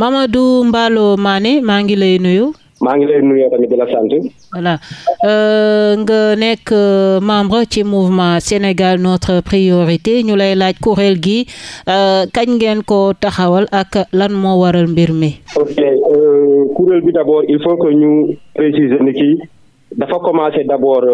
Mamadou Mballo Mané maa ngi lay nuyu. maa ngi lay nuyu tamit di la sant. voilà euh, nga nekk euh, membre ci mouvement Sénégal notre priorité ñu lay laaj kuréel gi euh, kañ ngeen ko taxawal ak lan moo waral mbir mi. ok kuréel bi d' abord il faut que ñu préciser ni dafa commencé d' abord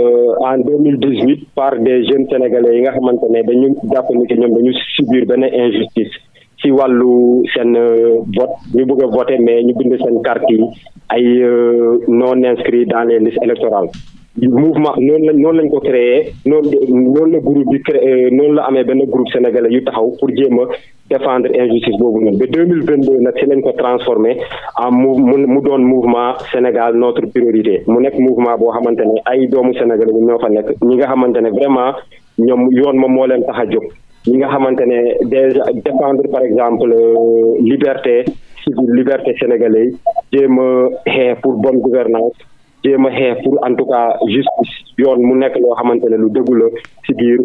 en deux mille dix huit par des jeunes sénégalais yi nga xamante dañu jàpp ni ñoom dañu subir benn injustice. si wàllu seen euh, vote ñu bëgg a voter mais ñu bind seen carte yi ay euh, non inscrits dans les listes électorales mouvement noonu la noonu lañ ko créé noonu noonu la groupe bi créé euh, noonu la amee benn groupe sénégalais yu taxaw pour jéem a défendre injustice boobu noonu ba deux mille vingt deux nag si lañ ko transformé en mou mu doon mouvement Sénégal notre priorité mu nekk mouvement boo xamante ne ay doomu sénégalais ñoo fa nekk ñi nga xamante ne vraiment ñoom yoon moom moo leen tax a jóg ñi nga xamante ne déjà défendre par exemple euh, liberté civile liberté sénégalais jéem a xeex pour bon gouvernance jéem a pour en tout cas justice yoon mu nekk loo xamante ne lu dëggu la ci biir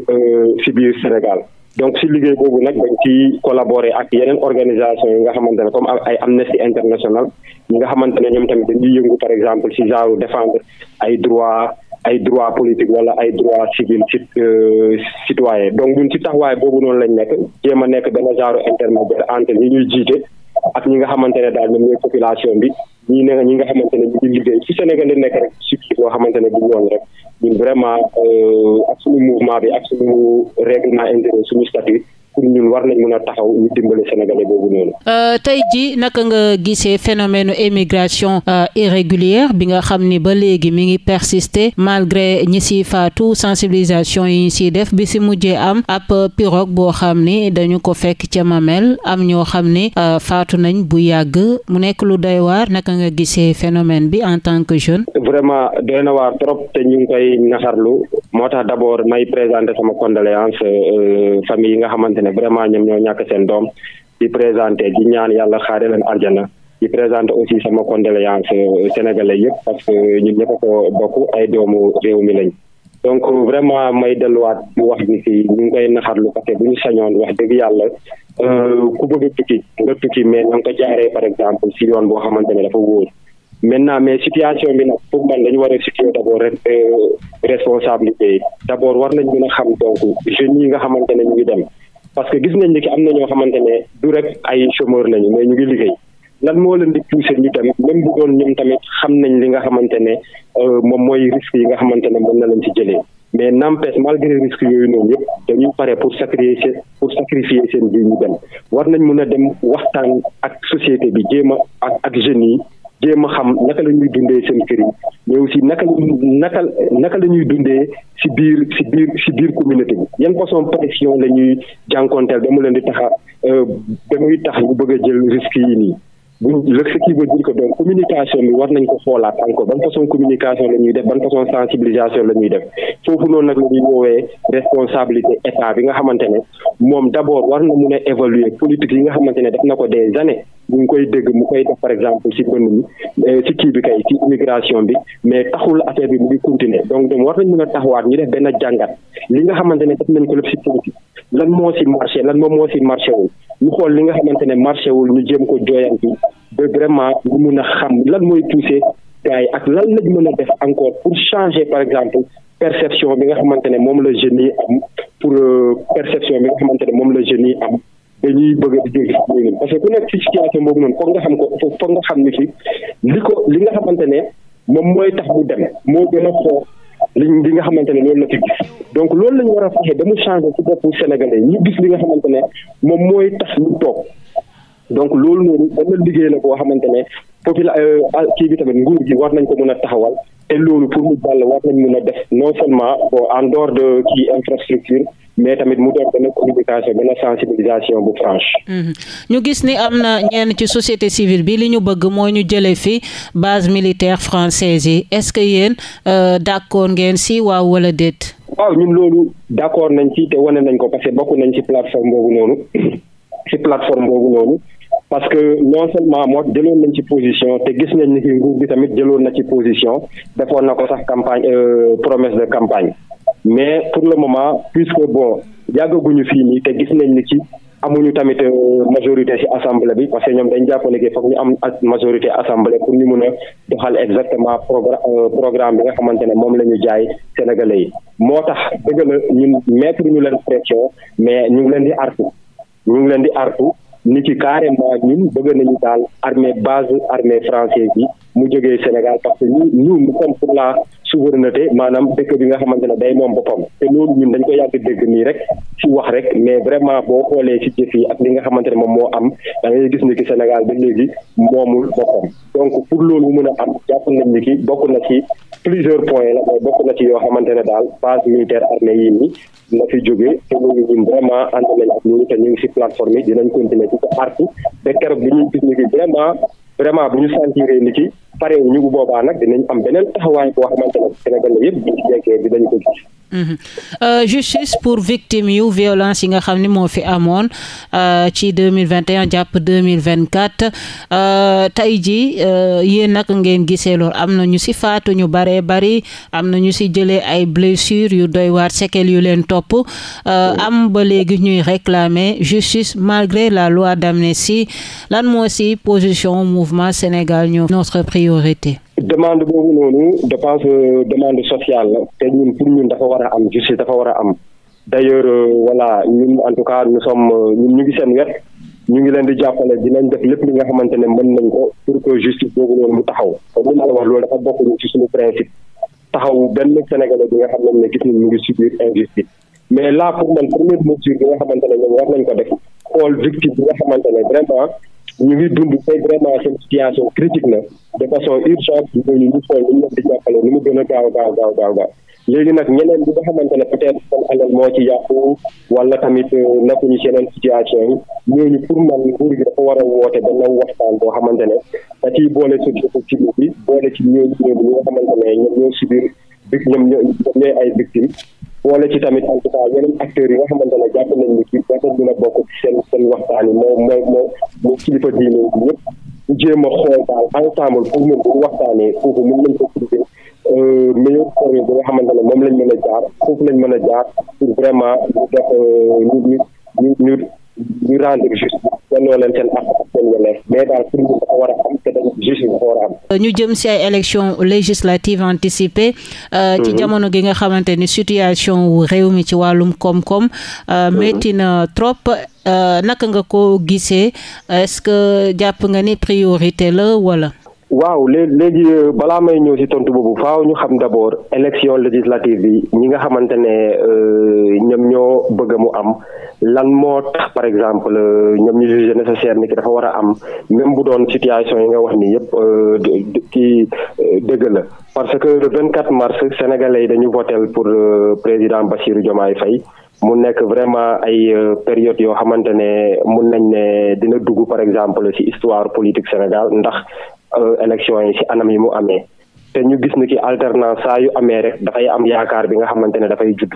ci euh, biir Sénégal donc ci liggéey boobu nag dañ ci collaborer ak yeneen organisation yi nga xamante ne comme ay Amnesty International ñi nga xamante ne ñoom tamit dañuy yëngu par exemple ci genre défendre ay droits ay droit politique wala ay droit civil ci euh, citoyen donc ñun ci taxawaay boobu noonu lañ nekk jéem a nekk benn genre intermédiaire entre ñi ñuy jiite ak ñi nga xamante ne daal ñoom population bi ñi ne ñi nga xamante ne ñu ngi liggéey ci Sénégal la nekk rek surtout boo xamante ne bu ñoon rek ñun vraiment euh, ak suñu mouvement bi ak suñu règlement intérieur suñu statut pour ñun war nañ mën a taxaw ñu dimbale sénégalais boobu noonu. Euh, tey ji naka nga gisee phénomène émigration euh, irrégulière bi nga xam ni ba léegi mi ngi persister malgré ñi si faatu sensibilisation yi ñu si def bi si mujjee am ab pirogue boo xam ni dañu ko fekk ca Mamel am ñoo xam ni euh, faatu nañ bu yàgg mu nekk lu doy waar naka nga gisee phénomène bi en tant que jeune. vraiment doy na waar trop te ñu koy naxarlu moo tax d'abord may présenter sama condoléance xamante ne vraiment ñom ñoo ñàkk seen doom di présenté di ñaan yàlla xaare leen àjjana di présenté aussi sama condoléance euh, sénégalais yëpp parce que ñun ñëpp ko bokk ay doomu réew mi lañ donc vraiment may delluwaat bu wax bi si ñu ngi koy naxarlu parce que bu ñu sañoon wax dëgg yàlla euh, ku bëgg a tukki nga tukki mais na nga ko jaaree par exemple si yoon boo xamante ne dafa wóor maintenant mais situation bi nag pour man dañu war a situé d' abord euh, responsabilité yi war nañ mën a xam donc jeunes yi nga xamante ne ñu ngi dem parce que gis nañ ne ki am na ñoo xamante ne du rek ay chômeur lañu mais ñu ngi liggéey lan moo leen di pousser ñu dem même bu doon ñoom tamit xam nañ li nga xamante ne euh, moom mooy risques yi nga xamante ne mën na leen ci jëlee mais n'empêche malgré risques yooyu noonu yëpp dañuy pare pour sacrifier pour sacrifier seen vie ñu dem war nañ mun a dem waxtaan ak société bi jéem a ak ak jeunes yi jéem a xam naka la ñuy dundee seen kër mais aussi naka naka naka la ñuy dundee ci biir ci biir ci biir communauté bi yan façon pression la ñuy jànkonteel dama leen di taxa euh, ba muy tax ñu bëgg a jël risques yi nii buñ ce qui veut dire que donc communication bi war nañ ko xoolaat encore ban façon communication la ñuy def ban façon sensibilisation la ñuy def foofu noonu nag la ñuy woowee responsabilité état bi nga xamante ne moom d' abord war na mun a évaluer politique yi nga xamante ne def na ko des années bu ngi koy dégg mu koy def par exemple ci mbënd mi euh, ci kii bi kay ci immigration bi mais taxul affaire bi mu ngi continuer donc dem war nañ mun a taxawaat ñu def benn jàngat li nga xamante ne def nañ ko lépp ci politique lan moo si marché lan moom moo si marché wul ñu xool li nga xamante ne marché wul ñu jéem ko jooyanti ba vraiment mun a xam lan mooy poussé gars yi ak lan lañ mën a def encore pour changer par exemple perception bi nga xamante ne moom la jeunes yi am pour euh, perception bi nga xamante ne moom la jeunes yi am dañuy bëgg parce que ku nekk si situation boobu noonu nga xam ko foog nga xam ni fi li ko li nga xamante ne moom mooy tax bu dem moo gën a xool li li nga xamante ne loolu la fi gis donc loolu la ñu war a fexe ba mu changé ci boppu sénégalais ñu gis li nga xamante ne moom mooy tax ñu toog donc loolu noonu benn liggéey la boo xamante ne popula euh, ah, kii bi tamit nguur gi war nañ ko mën a taxawal te loolu pour mu jàll war nañ mën a def non seulement bon en dehors de infrastructure mais tamit mu doon benn communication benn sensibilisation bu franche. Mhm. ñu gis ni am na ñenn ci société civile bi li ñu bëgg mooy ñu jëlee fi base militaire française yi est-ce que yéen euh, d'accord ngeen si waaw wala déet. waaw ñun loolu d'accord nañ ci te wane nañ ko parce que bokk nañ ci plateforme boobu noonu ci plateforme boobu noonu parce que non seulement moo jëloon nañ ci position te gis nañ ni nguur bi tamit jëloon na ci position defoon na ko sax campagne euh, promesse de campagne mais pour le moment puisque bon yàggaguñu fii nii te gis nañ ni ci amuñu tamit euh, majorité ci assemblée bi parce que ñoom dañ jàpp ne que foog ñu am majorité assemblée pour ñu mun a doxal exactement euh, programme bi nga xamante ne moom la ñu jaay sénégalais yi moo tax dëgg la ñun mettre ñu leen pression mais ñu ngi leen di artu ñu ngi leen di artu ni ci carrément ñun bëgg nañu daal armée base armée française yi mu jógee Sénégal parce que ñu ñun comme pour la souveraineté maanaam dëkk bi nga xamante ne day moom boppam te loolu ñun dañ ko yàgg dégg nii rek ci wax rek mais vraiment boo xoolee ci jëf ak li nga xamante ne moom moo am da ngay gis ni ki Sénégal ba léegi moomul boppam donc pour loolu mu mën a am jàpp nañ ni ki bokk na ci plusieurs points la mooy bokk na ci yoo xamante ne daal base militaire armée yi nii na fi jógee te loolu ñun vraiment ànd nañ ak ñun te ñu ngi ci plateforme yi dinañ continuer ci ko vraiment vraiment ñu ni ki pare ñu bu boobaa nag dinañ am beneen taxawaay boo xamante mhm. euh, pour victime yu violence yi nga xam ni moo fi amoon euh, ci deux mille vingt et jàpp deux mille vingt quatre euh, tey jii yéen nag ngeen gisee loolu am na ñu si faatu ñu baree bari am na ñu si jëlee ay blessures yu doy waar séquelles yu leen topp am ba léegi ñuy réclamer justice malgré la loi d'amnistie lan moo si position mouvement Sénégal ñoo notre priorité priorité. demande boobu noonu je pense euh, demande sociale la te ñun pour ñun dafa war a am justice dafa war a am d' ailleurs euh, voilà ñun en tout cas nous sommes euh, ñun ñu ngi seen wet ñu ngi leen di jàppale nañ def lépp li nga xamante ne mën nañ ko pour que justice boobu noonu mu taxaw comme wax loolu dafa bokk ci suñu principe taxaw benn sénégalais bi nga xam ne gis nañ ñu ngi subir injustice mais là pour man première mesure bi nga xamante ne ñoom war nañ ko def xool victime bi nga xamante ne vraiment. ñu ngi dund tey vraiment seen situation critique na de façon urgente ñooñu ñu xool ñu leen di jàppale nu mu gën a gaaw gaaw gaaw gaaw gaaw léegi nag ñeneen ñi nga xamante ne peut-être seen alal moo ci yàqu wala tamit nekkuñu si yeneen situation yi ñooñu pour man nguur gi dafa war a woote benn waxtaan boo xamante ne da ciy boole surtout ci bi boole ci ñooñu ñooñu ñi nga xamante ne ñoom ñoo ñoom ñooy ay victimes wala ci tamit en tout cas yeneen acteurs yi nga xamante ne jàpp nañ ni kii dafa gën a bokk ci seen seen waxtaan yi moo moo moo moo kilifa diine yëpp ñu jéem a xool daal ensemble pour ñun bu waxtaanee foofu mën nañ ko trouver euh, meilleur moyen bi nga xamante ne moom lañ mën a jaar foofu lañ mën a jaar pour vraiment ñu def euh, ñu ñu ñu Euh, ñu jëm si ay élections législatives anticipées. Euh, ci mhm. jamono gi nga xamante ni situation wu réew mi ci wàllum koom-koom. Euh, métti mhm. na trop naka nga ko gisee est-ce que jàpp nga ni priorité la wala. waaw léegi euh, balaa may ñëw ci tontu boobu faaw ñu xam d'abord élection législative bi ñi nga xamante ne euh, ñoom ñoo bëgg mu am lan moo tax par exemple euh, ñoom ñu jugé nécessaire ni ki dafa war a am même bu doon situation yi nga wax ni yëpp ki dëgg la parce que le 24 mars sénégalais yi dañu votel pour président Bassirou Diomaye fay mu nekk vraiment ay période yoo xamante ne mun nañ ne dina dugg par exemple ci histoire politique Sénégal ndax Euh, élection yi si anam yi mu amee te ñu gis ni ki alternance saa yu amee rek dafay am yakaar bi nga xamante ne dafay judd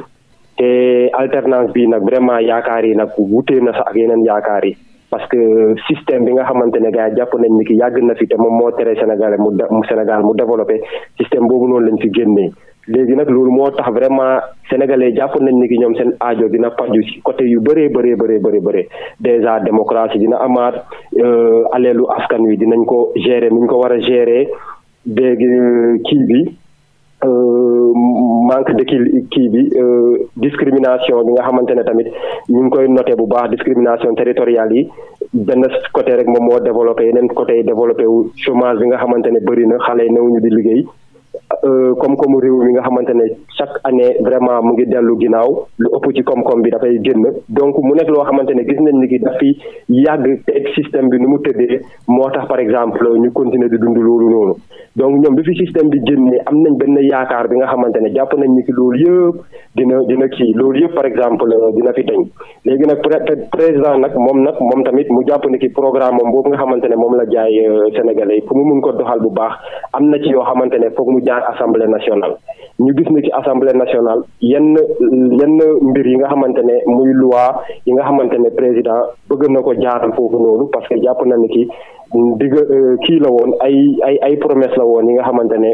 te alternance bi nag vraiment yaakaar yi nag wutee na sax ak yeneen yaakaar yi parce que système bi nga xamante ne gars jàpp nañ ni ki yàgg na fi te moom moo teree Sénégal mu Sénégal mu développé système boobu noonu lañ fi génnee léegi nag loolu moo tax vraiment sénégalais jàpp nañ ni ki ñoom seen ajo dina paju ci côté yu bëree bëree bëree bëri bëri déjà démocratie dina amaat euh, aleelu askan wi dinañ ko gérer ni ñu ko war a gérer dégg euh, kii bi euh, manque de kii kii bi discrimination bi nga xamante ne tamit ñu ngi koy noté bu baax discrimination territoriale yi benn côté rek moom moo développé yeneen côté yi développé wu chômage bi nga xamante ne bëri na xale yi newuñu di liggéey Euh, koom-koomu réew mi nga xamante ne chaque année vraiment mu ngi dellu ginnaaw lu ëpp ci koom-koom bi dafay génn donc mu nekk loo xamante ne gis nañ ni ki daf yàgg te système bi nu mu tëddee moo tax par exemple ñu continuer di dund loolu noonu donc ñoom bi fi système bi génnee am nañ benn yaakaar bi nga xamante ne jàpp nañ ni ki loolu yëpp dina dina kii loolu yëpp par exemple dina fi dañ léegi nag président nag moom nag moom tamit mu jàpp ni ki programme moom boobu nga xamante ne moom la jaay euh, Sénégalais yi pour mu mun ko doxal bu baax am na ci yoo xamante ne foog mu jaar assemblée nationale ñu gis ne ci assemblée nationale yenn yenn mbir yi nga xamante ne muy loi yi nga xamante ne président bëgg na ko jaaral foofu noonu parce que jàpp na ni ki digg euh, kii la woon ay ay ay promesse la woon yi nga xamante ne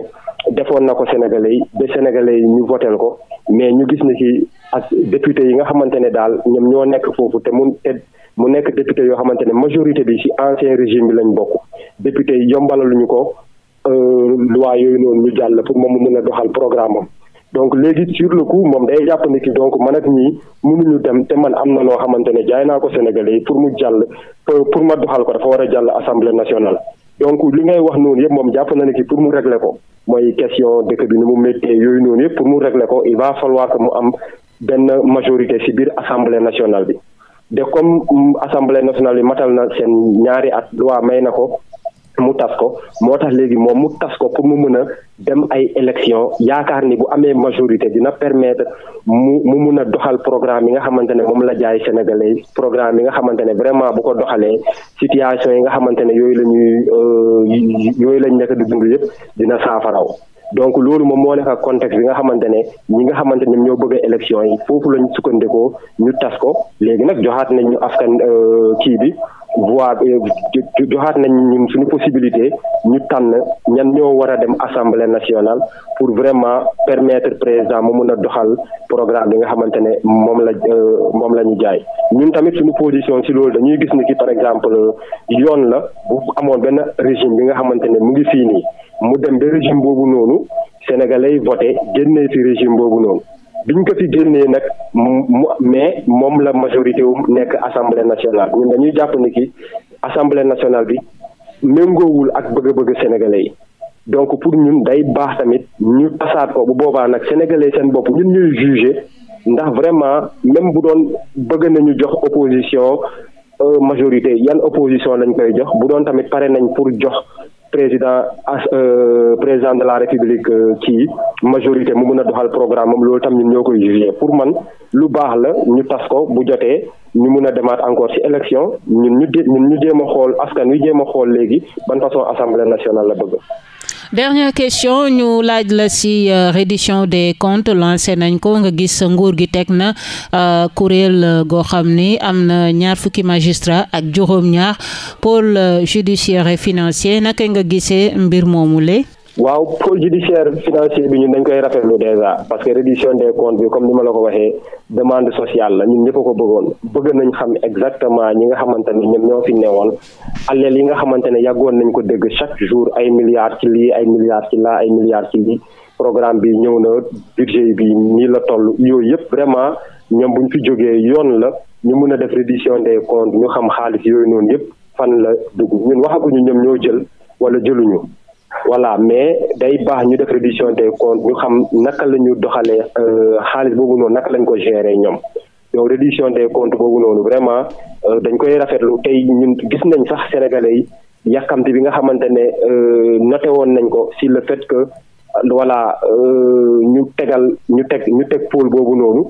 defoon na ko sénégalais yi ba sénégalais yi ñu votel ko mais ñu gis ni ki ak député yi nga xamante ne daal ñoom ñoo nekk foofu te mun te mu nekk député yoo xamante ne majorité bi ci ancien régime bi lañ bokk député yi ñu ko Euh, loi yooyu noonu ñu jàll pour moom mu mën a doxal programme am donc léegi sur le coup moom day jàpp ni ki donc man nii ñii mënuñu dem te man am na loo xamante ne jaay naa ko Sénégalais yi pour mu jàll pour ma doxal ko dafa war a jàll assemblée nationale. donc li ngay wax noonu yëpp moom jàpp na ne ki pour mu réglé ko mooy question dëkk bi ni mu méttee yooyu noonu yëpp pour mu régler ko il va falloir que mu am benn majorité ci biir assemblée nationale bi de comme assemblée nationale bi matal na seen ñaari at loi may na ko. mu tas ko moo tax léegi moom mu tas ko pour mu mën a dem ay élection yaakaar ni bu amee majorité dina permettre mu mu mun a doxal programme yi nga xamante ne moom la jaay sénégalais programme yi nga xamante ne vraiment bu ko doxalee situation yi nga xamante ne yooyu la ñuy euh, yooyu lañ nekk di dund yëpp dina saafaraw donc loolu moom moo nekk contexte bi nga xamante ne nga xamante ne ñoo bëgg élection yi foofu lañ sukkandikoo ñu tas ko léegi nag joxaat nañ ñu askan euh, kii bi voix joxaat nañ ñun suñu possibilité ñu tànn ñan ñoo war a dem assemblée nationale pour vraiment permettre président mu mun a doxal programme bi nga xamante ne moom la euh, moom la ñu jaay ñun tamit suñu position si loolu dañuy gis ni ki par exemple yoon la bu amoon benn régime bi nga xamante ne mu ngi fii nii mu dem ba régime boobu noonu sénégalais voté génnee si régime boobu noonu biñ ko fi génnee nag mu mais moom la majorité wu nekk assemblée nationale ñun dañuy jàpp ni ki assemblée nationale bi méngoowul ak bëgg-bëgg sénégalais yi donc pour ñun day baax tamit ñu tasaat ko bu boobaa nag sénégalais seen bopp ñun ñuy juger ndax vraiment même bu doon bëgg nañu jox opposition euh, majorité yan opposition lañ koy jox bu doon tamit pare nañ pour jox président euh, président de la république kii euh, majorité mu mën a doxal programme moom loolu tam ñun ñoo koy jugé pour man lu baax la ñu tas ko bu jotee ñu mën a demaat encore ci élection ñun ñu ñun ñu jéem a xool askan wi jéem a xool léegi ban façon assemblée nationale la bëgg. dernière question ñu laaj la si euh, reddition des comptes lancé nañ ko nga gis nguur gi teg na euh, kuréel euh, goo xam ni am na ñaar fukki magistrat ak juróom-ñaar pôle judiciaire et financier naka nga gisee mbir moomu le waaw pôle judiciaire financier bi ñun dañ koy rafetlu déjà parce que reddition des comptes bi comme ni ma la ko waxee demande sociale la ñun ñëpp a ko bëggoon bëgg nañ xam exactement ñi nga xamante ne ñoom ñoo fi newoon aleel yi nga xamante ne yàggoon nañ ko dégg chaque jour ay milliards ci lii ay milliards ci laa ay milliards ci lii programme bi ñëw na budget bi nii la toll yooyu yëpp vraiment ñoom ñu fi jógee yoon la ñu mën a def reddition des comptes ñu xam xaalis yooyu noonu yëpp fan la dugg ñun waxaguñu ñoom ñoo jël wala jëluñu voilà mais day baax ñu def réduction des comptes ñu xam naka la ñu doxalee euh, xaalis boobu noonu naka lañu ko gérer ñoom yow réduction des comptes boobu noonu vraiment euh, dañ koy rafetlu tey ñun gis nañ sax sénégalais yi yàkkamti bi nga xamante ne euh, noté woon nañ ko si le fait que voilà ñu tegal ñu teg ñu teg pôle boobu noonu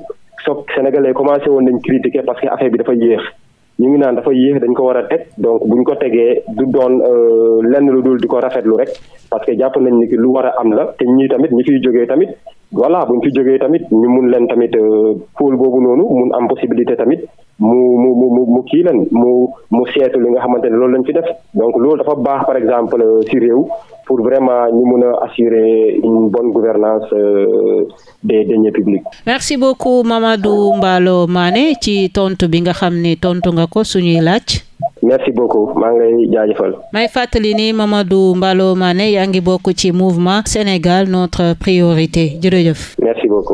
soog sénégalais commencé woon nañ critiquer parce que affaire bi dafa yéex ñu ngi naan dafa yéex dañ ko war a teg donc buñ ko tegee du doon euh, lenn lu dul di ko rafetlu rek parce que jàpp nañ ni ki lu war a am la te ñii tamit ñi fiy jógee tamit voilà buñ fi jógee tamit ñu mun leen tamit euh, pool boobu noonu mun am possibilité tamit mu mu mu mu kii leen mu mu seetu li nga xamante ne loolu lañ fi def donc loolu dafa baax par exemple ci euh, réew pour vraiment ñu mun a assurer une bonne gouvernance euh, des deniers publics. merci beaucoup Mamadou Mballo Mané ci tontu bi nga xam ni tontu nga ko suñuy laaj. merci beaucoup maa ngi lay jaajëfal. may fàttali ni Mamadou Mballo Mané yaa ngi bokk ci mouvement Sénégal notre priorité jërëjëf. merci beaucoup.